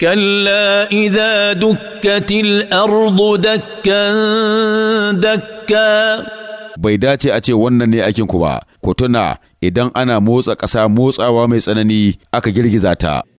كلا اذا دكت الارض دكا دكا bai dace a ce wannan ne aikinku ba, ku tuna idan ana motsa ƙasa motsawa mai tsanani aka girgiza ta.